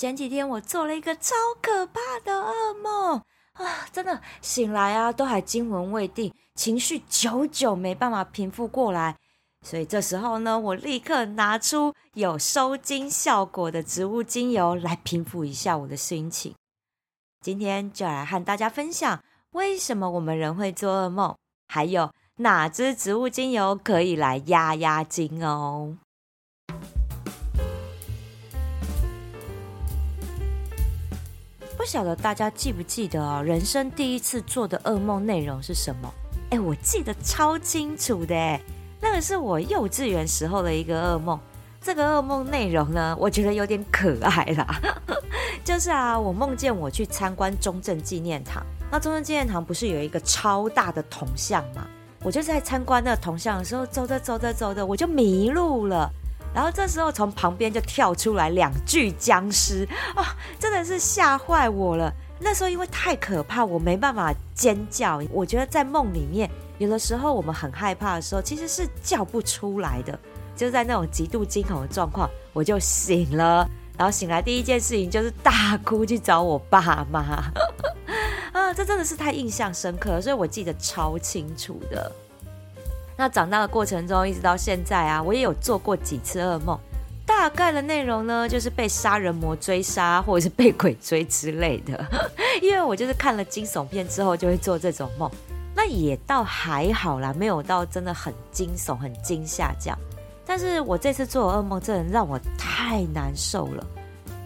前幾天我做了一個超可怕的噩夢啊！真的醒來啊，都還驚魂未定，情緒久久沒辦法平復過來。所以這時候呢，我立刻拿出有收驚效果的植物精油來平復一下我的心情。今天就來和大家分享為什麼我們人會做噩夢，還有哪支植物精油可以來壓壓驚哦。不曉得大家記不記得人生第一次做的噩夢內容是什麼？哎、欸，我記得超清楚的，那個是我幼稚園時候的一個噩夢。這個噩夢內容呢，我覺得有點可愛啦。 就是啊，我夢見我去參觀中正紀念堂，那中正紀念堂不是有一個超大的銅像嗎？我就在參觀那個銅像的時候，走着走着走着，我就迷路了。然後這時候從旁邊就跳出來兩具殭屍，哦，真的是嚇壞我了。那時候因為太可怕，我沒辦法尖叫。我覺得在夢裡面，有的時候我們很害怕的時候，其實是叫不出來的。就在那種極度驚恐的狀況，我就醒了。然後醒來第一件事情就是大哭去找我爸媽。呵呵，啊，這真的是太印象深刻了，所以我記得超清楚的。那長大的過程中，一直到現在啊，我也有做過幾次噩夢，大概的內容呢，就是被殺人魔追殺，或者是被鬼追之類的。 因為我就是看了驚悚片之後，就會做這種夢。那也倒還好啦，沒有到真的很驚悚、很驚嚇這樣。但是我這次做的噩夢，真的讓我太難受了。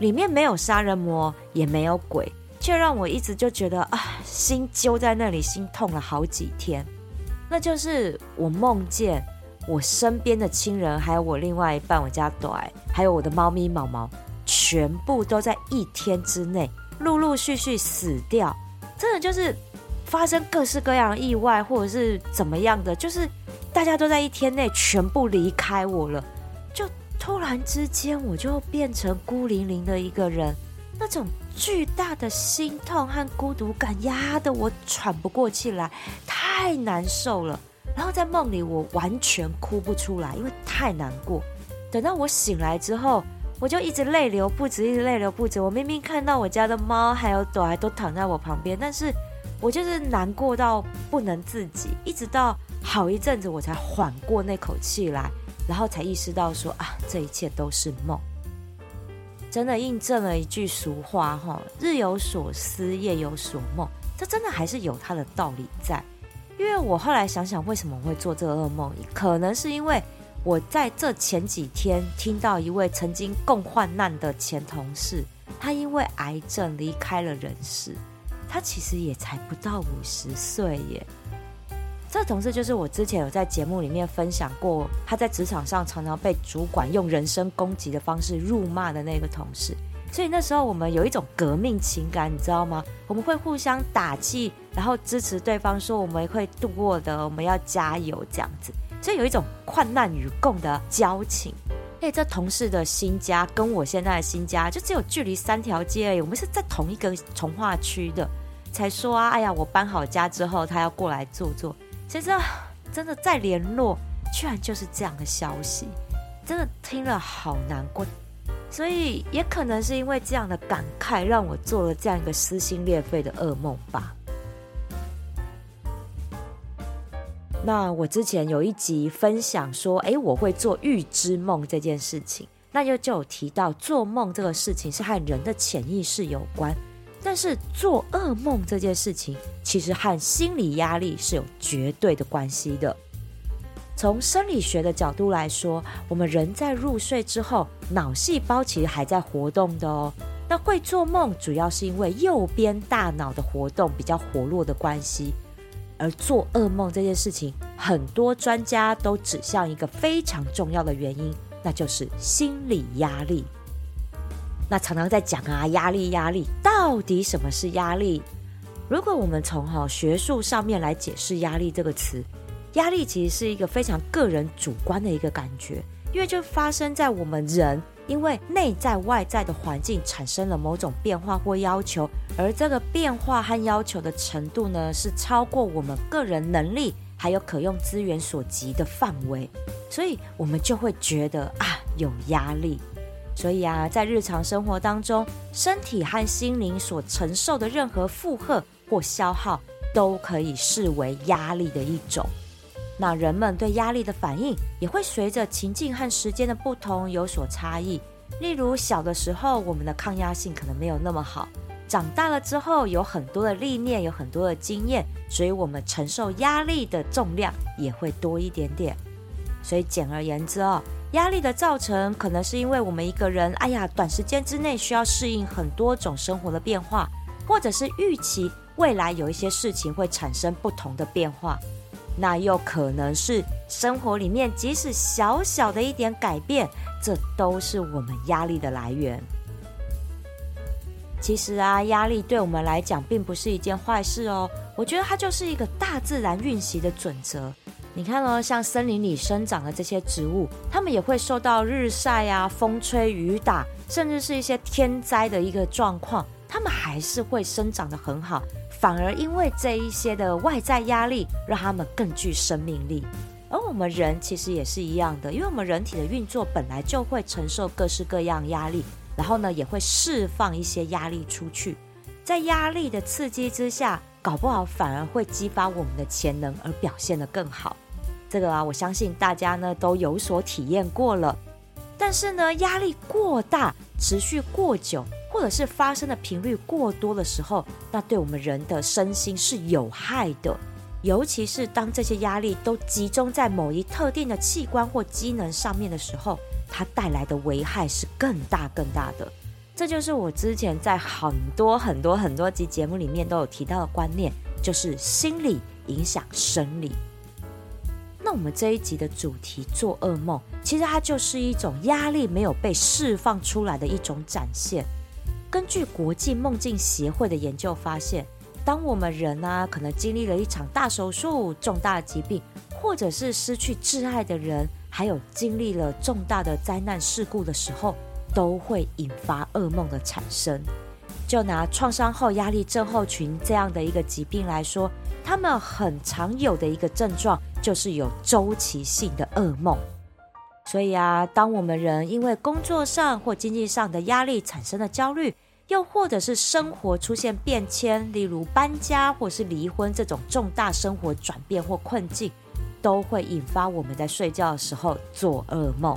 裡面沒有殺人魔，也沒有鬼，卻讓我一直就覺得啊，心揪在那裡，心痛了好幾天。那就是我夢見我身邊的親人，還有我另外一半，我家狗，還有我的貓咪毛毛，全部都在一天之內陸陸續續死掉。真的就是發生各式各樣的意外，或者是怎麼樣的，就是大家都在一天內全部離開我了，就突然之間我就變成孤零零的一個人，那種巨大的心痛和孤獨感壓得我喘不過氣來。太難受了，然後在夢裡我完全哭不出來，因為太難過。等到我醒來之後，我就一直淚流不止，一直淚流不止。我明明看到我家的貓還有狗還都躺在我旁邊，但是我就是難過到不能自己。一直到好一陣子，我才緩過那口氣來，然後才意識到說啊，這一切都是夢。真的印證了一句俗話哈，日有所思，夜有所夢。這真的還是有它的道理在。因為我後來想想，為什麼會做這個噩夢？可能是因為我在這前幾天聽到一位曾經共患難的前同事，他因為癌症離開了人世。他其實也才不到五十歲耶。這同事就是我之前有在節目裡面分享過，他在職場上常常被主管用人身攻擊的方式辱罵的那個同事。所以那時候我們有一種革命情感，你知道嗎？我們會互相打氣。然後支持對方說，我們會度過的，我們要加油這樣子，所以有一種患難與共的交情。哎、欸，這同事的新家跟我現在的新家就只有距離三條街而已，我們是在同一個重劃區的，才說啊，哎呀，我搬好家之後，他要過來坐坐。其實真的再聯絡，居然就是這樣的消息，真的聽了好難過。所以也可能是因為這樣的感慨，讓我做了這樣一個撕心裂肺的噩夢吧。那我之前有一集分享說，哎，我會做預知夢這件事情，那又就有提到做夢這個事情是和人的潛意識有關，但是做噩夢這件事情其實和心理壓力是有絕對的關係的。從生理學的角度來說，我們人在入睡之後，腦細胞其實還在活動的哦。那會做夢主要是因為右邊大腦的活動比較活絡的關係。而做噩夢這件事情，很多專家都指向一個非常重要的原因，那就是心理壓力。那常常在講啊，壓力，壓力，到底什麼是壓力？如果我們從哈學術上面來解釋“壓力”這個詞，壓力其實是一個非常個人主觀的一個感覺。因為就發生在我們人，因為內在外在的環境產生了某種變化或要求，而這個變化和要求的程度呢，是超過我們個人能力還有可用資源所及的範圍，所以我們就會覺得啊，有壓力。所以啊，在日常生活當中，身體和心靈所承受的任何負荷或消耗，都可以視為壓力的一種。那人們對壓力的反應也會隨着情境和時間的不同有所差異。例如，小的時候我們的抗壓性可能沒有那麼好，長大了之後有很多的歷練，有很多的經驗，所以我們承受壓力的重量也會多一點點。所以簡而言之哦，壓力的造成可能是因為我們一個人，哎呀，短時間之內需要適應很多種生活的變化，或者是預期未來有一些事情會產生不同的變化。那又可能是生活裡面，即使小小的一點改變，這都是我們壓力的來源。其實啊，壓力對我們來講，並不是一件壞事哦。我覺得它就是一個大自然運行的準則。你看哦，像森林裡生長的這些植物，它們也會受到日曬啊、風吹雨打，甚至是一些天災的一個狀況，它們還是會生長得很好。反而因為這一些的外在壓力，讓他們更具生命力。而我們人其實也是一樣的，因為我們人體的運作本來就會承受各式各樣壓力，然後呢，也會釋放一些壓力出去。在壓力的刺激之下，搞不好反而會激發我們的潛能，而表現得更好。這個啊，我相信大家呢都有所體驗過了。但是呢，壓力過大，持續過久，或者是發生的頻率過多的時候，那對我們人的身心是有害的。尤其是當這些壓力都集中在某一特定的器官或機能上面的時候，它帶來的危害是更大更大的。這就是我之前在很多很多很多集節目裡面都有提到的觀念，就是心理影響生理。那我們這一集的主題做噩夢，其實它就是一種壓力沒有被釋放出來的一種展現。根據國際夢境協會的研究發現，當我們人啊可能經歷了一場大手術、重大疾病，或者是失去摯愛的人，還有經歷了重大的災難事故的時候，都會引發噩夢的產生。就拿創傷後壓力症候群這樣的一個疾病來說，他們很常有的一個症狀就是有周期性的噩夢。所以啊，當我們人因為工作上或經濟上的壓力產生了焦慮，又或者是生活出現變遷，例如搬家或是離婚這種重大生活轉變或困境，都會引發我們在睡覺的時候做噩夢。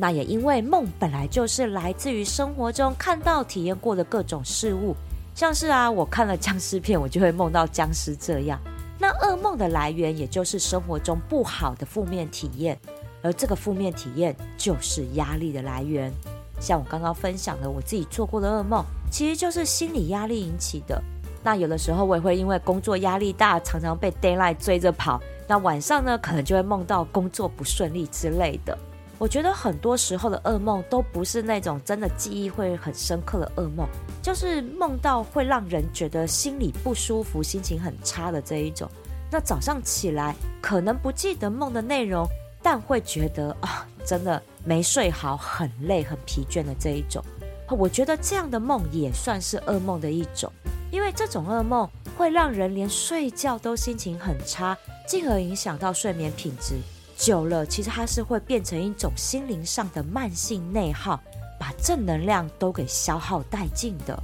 那也因為夢本來就是來自於生活中看到、體驗過的各種事物，像是啊，我看了僵屍片，我就會夢到僵屍這樣。那噩夢的來源也就是生活中不好的負面體驗，而這個負面體驗就是壓力的來源。像我剛剛分享的，我自己做過的噩夢，其實就是心理壓力引起的。那有的時候我也會因為工作壓力大，常常被 deadline 追着跑。那晚上呢，可能就會夢到工作不順利之類的。我覺得很多時候的噩夢都不是那種真的記憶會很深刻的噩夢，就是夢到會讓人覺得心裡不舒服、心情很差的這一種。那早上起來可能不記得夢的內容，但會覺得啊，真的。沒睡好，很累，很疲倦的這一種，我覺得這樣的夢也算是噩夢的一種，因為這種噩夢會讓人連睡覺都心情很差，進而影響到睡眠品質。久了，其實它是會變成一種心靈上的慢性內耗，把正能量都給消耗殆盡的。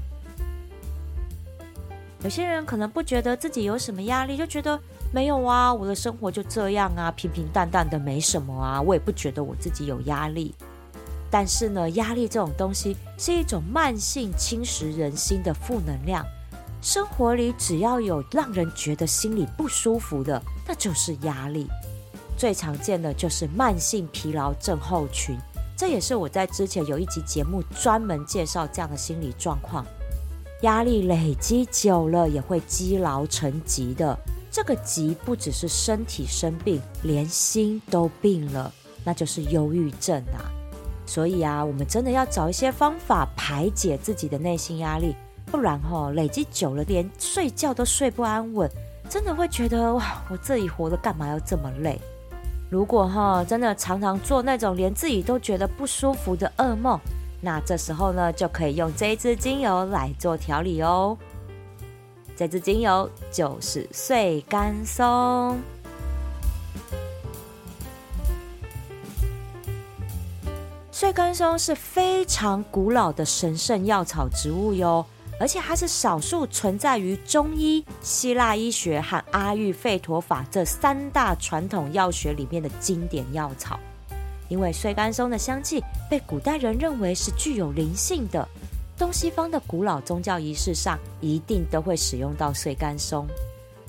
有些人可能不覺得自己有什麼壓力，就覺得。沒有啊，我的生活就這樣啊，平平淡淡的，沒什麼啊。我也不覺得我自己有壓力。但是呢，壓力這種東西是一種慢性侵蝕人心的負能量。生活裡只要有讓人覺得心裡不舒服的，那就是壓力。最常見的就是慢性疲勞症候群，這也是我在之前有一集節目專門介紹這樣的心理狀況。壓力累積久了也會積勞成疾的。這個急不只是身體生病，連心都病了，那就是憂鬱症啊！所以啊，我們真的要找一些方法排解自己的內心壓力，不然哈、哦，累積久了，連睡覺都睡不安穩，真的會覺得哇，我自己活得幹嘛要這麼累？如果哈、哦，真的常常做那種連自己都覺得不舒服的噩夢，那這時候呢，就可以用這一支精油來做調理哦。這支精油就是穗甘松。穗甘松是非常古老的神聖藥草植物喲，而且還是少數存在於中醫、希臘醫學和阿育吠陀法這三大傳統藥學裡面的經典藥草。因為穗甘松的香氣被古代人認為是具有靈性的。東西方的古老宗教儀式上，一定都會使用到穗甘松，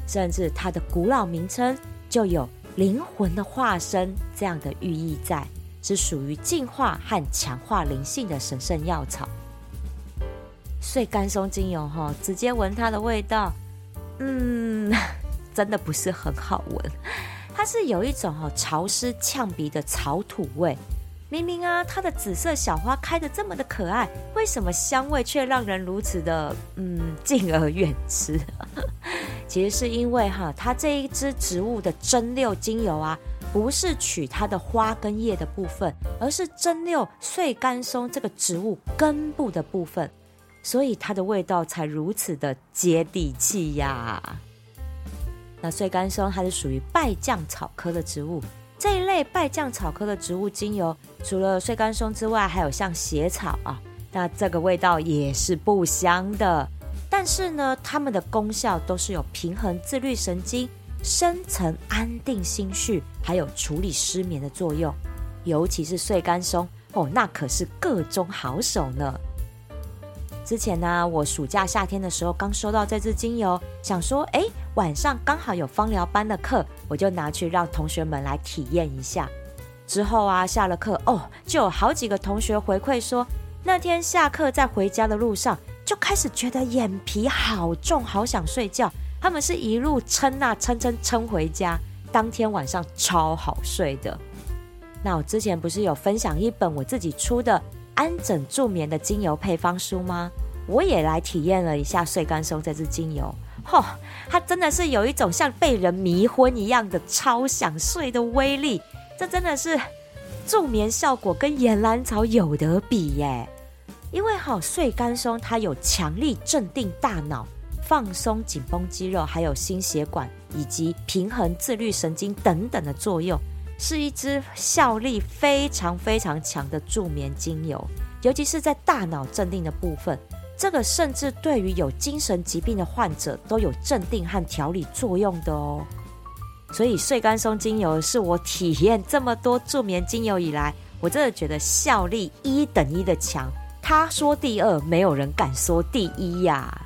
甚至它的古老名稱就有“靈魂的化身”這樣的寓意在，是屬於淨化和強化靈性的神聖藥草。穗甘松精油哈，直接聞它的味道，嗯，真的不是很好聞，它是有一種、哦、潮濕嗆鼻的草土味。明明啊，它的紫色小花開得這麼的可愛，為什麼香味卻讓人如此的嗯敬而遠之？ 其實是因為哈，它這一支植物的蒸餾精油啊，不是取它的花跟葉的部分，而是蒸餾穗甘松這個植物根部的部分，所以它的味道才如此的接地氣呀。那穗甘松它是屬於敗醬草科的植物。這一類敗醬草科的植物精油，除了穗甘松之外，還有像纈草啊、哦，那這個味道也是不香的。但是呢，它們的功效都是有平衡自律神經、深層安定心緒，還有處理失眠的作用。尤其是穗甘松哦，那可是個中好手呢。之前呢，我暑假夏天的時候剛收到這支精油，想說，哎、欸。晚上剛好有芳療班的課，我就拿去讓同學們來體驗一下。之後啊，下了課哦，就有好幾個同學回饋說，那天下課在回家的路上就開始覺得眼皮好重，好想睡覺。他們是一路撐啊撐撐撐回家，當天晚上超好睡的。那我之前不是有分享一本我自己出的安枕助眠的精油配方書嗎？我也來體驗了一下穗甘松這支精油。吼、哦，它真的是有一種像被人迷昏一樣的超想睡的威力，這真的是助眠效果跟岩蘭草有得比耶！因為好、哦、穗甘松它有強力鎮定大腦、放鬆緊繃肌肉，還有心血管以及平衡自律神經等等的作用，是一支效力非常非常強的助眠精油，尤其是在大腦鎮定的部分。這個甚至對於有精神疾病的患者都有鎮定和調理作用的哦。所以穗甘松精油是我體驗這麼多助眠精油以來，我真的覺得效力一等一的強。它說第二，沒有人敢說第一呀、啊。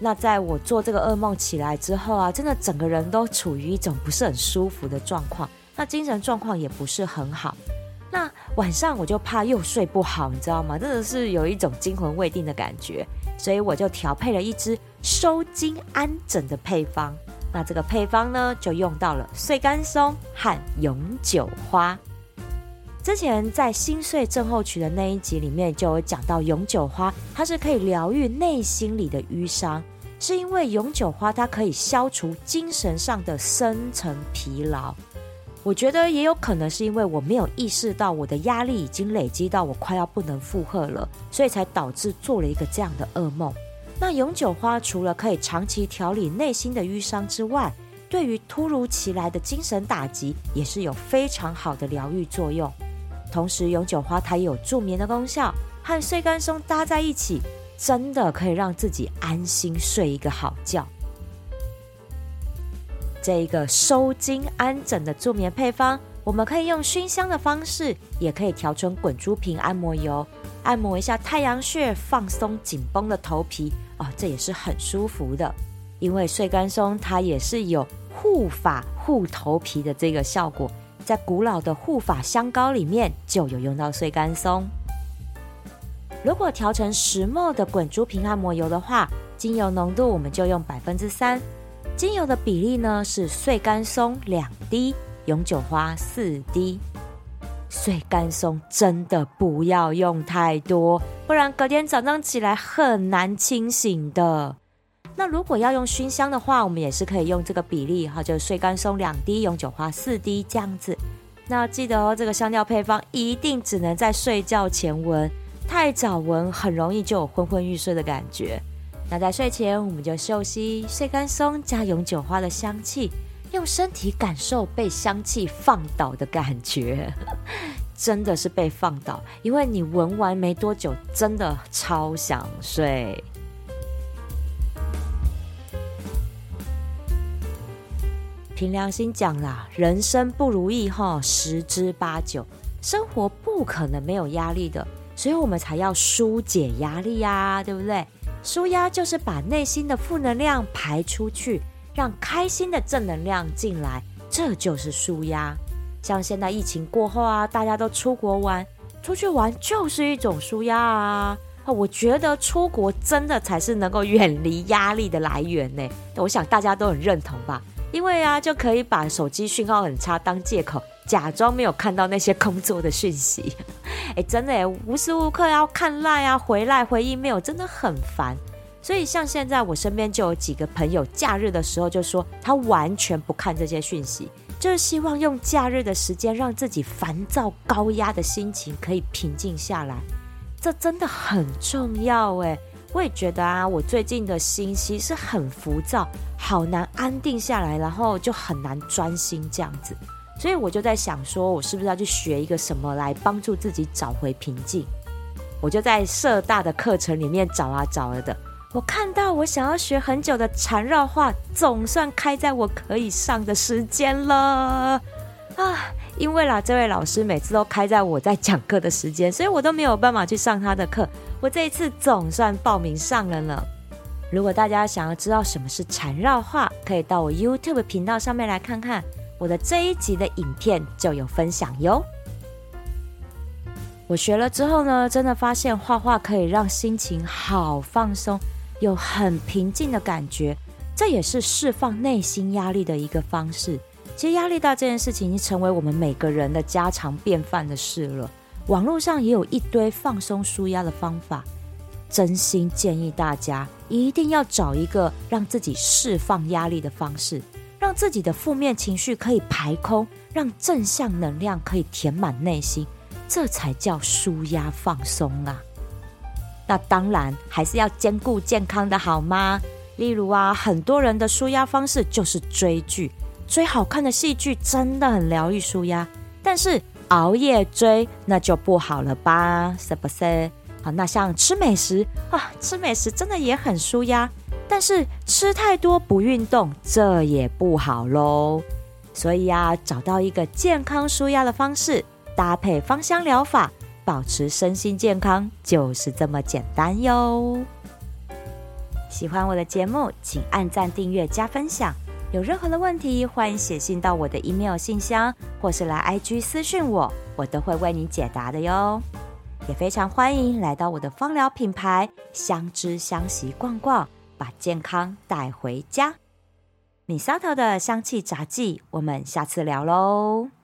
那在我做這個噩夢起來之後啊，真的整個人都處於一種不是很舒服的狀況，那精神狀況也不是很好。那晚上我就怕又睡不好，你知道嗎？真的是有一種驚魂未定的感覺，所以我就調配了一支收驚安枕的配方。那這個配方呢，就用到了穗甘松和永久花。之前在心碎症候群的那一集裡面，就有講到永久花，它是可以療癒內心裡的瘀傷，是因為永久花它可以消除精神上的深層疲勞。我覺得也有可能是因為我沒有意識到我的壓力已經累積到我快要不能負荷了，所以才導致做了一個這樣的噩夢。那永久花除了可以長期調理內心的淤傷之外，對於突如其來的精神打擊也是有非常好的療癒作用。同時，永久花它也有助眠的功效，和穗甘松搭在一起，真的可以讓自己安心睡一個好覺。這一個收驚安枕的助眠配方，我們可以用燻香的方式，也可以調成滾珠瓶按摩油，按摩一下太陽穴，放鬆緊繃的頭皮哦，這也是很舒服的。因為穗甘松它也是有護髮護頭皮的這個效果，在古老的護髮香膏裡面就有用到穗甘松。如果調成 10ml 的滾珠瓶按摩油的話，精油濃度我們就用百分之三。精油的比例呢，是穗甘松兩滴，永久花四滴。穗甘松真的不要用太多，不然隔天早上起來很難清醒的。那如果要用熏香的話，我們也是可以用這個比例哈，就是穗甘松兩滴，永久花四滴這樣子。那記得哦，這個香料配方一定只能在睡覺前聞，太早聞很容易就有昏昏欲睡的感覺。那在睡前，我們就嗅吸穗甘松加永久花的香氣，用身體感受被香氣放倒的感覺， 真的是被放倒，因為你聞完沒多久，真的超想睡。憑良心講啦，人生不如意哈、哦、十之八九，生活不可能沒有壓力的，所以我們才要疏解壓力呀、啊，對不對？舒壓就是把內心的負能量排出去，讓開心的正能量進來，這就是舒壓。像現在疫情過後啊，大家都出國玩，出去玩就是一種舒壓啊。我覺得出國真的才是能夠遠離壓力的來源呢、欸。我想大家都很認同吧，因為啊，就可以把手機訊號很差當借口。假裝沒有看到那些工作的訊息，誒、欸，真的、欸、無時無刻要、啊、看賴啊，回來回應沒有，真的很煩。所以像現在我身邊就有幾個朋友，假日的時候就說他完全不看這些訊息，就是希望用假日的時間讓自己煩躁高壓的心情可以平靜下來，這真的很重要誒、欸，我也覺得啊，我最近的心息是很浮躁，好難安定下來，然後就很難專心這樣子。所以我就在想，說我是不是要去學一個什麼來幫助自己找回平靜？我就在社大的課程裡面找啊找啊的，我看到我想要學很久的禪繞畫，總算開在我可以上的時間了啊！因為啦，這位老師每次都開在我在講課的時間，所以我都沒有辦法去上他的課。我這一次總算報名上了呢。如果大家想要知道什麼是禪繞畫，可以到我 YouTube 頻道上面來看看。我的這一集的影片，就有分享喲。我學了之後呢，真的發現畫畫可以讓心情好放鬆，有很平靜的感覺，這也是釋放內心壓力的一個方式。其實壓力大這件事情，已經成為我們每個人的家常便飯的事了。網絡上也有一堆放鬆舒壓的方法，真心建議大家一定要找一個讓自己釋放壓力的方式，讓自己的負面情緒可以排空，讓正向能量可以填滿內心，這才叫舒壓放鬆啊！那當然還是要兼顧健康的好嗎？例如啊，很多人的舒壓方式就是追劇，追好看的戲劇真的很療癒舒壓，但是熬夜追那就不好了吧？是不是？好，那像吃美食啊，吃美食真的也很舒壓。但是吃太多不運動，這也不好嘍。所以呀、啊，找到一個健康舒壓的方式，搭配芳香療法，保持身心健康，就是這麼簡單喲。喜歡我的節目，請按贊、訂閱、加分享。有任何的問題，歡迎寫信到我的 email 信箱，或是來 IG 私訊我，我都會為你解答的喲。也非常歡迎來到我的芳療品牌“香知香息”逛逛。把健康帶回家，Misato 的香氣雜記，我們下次聊嘍。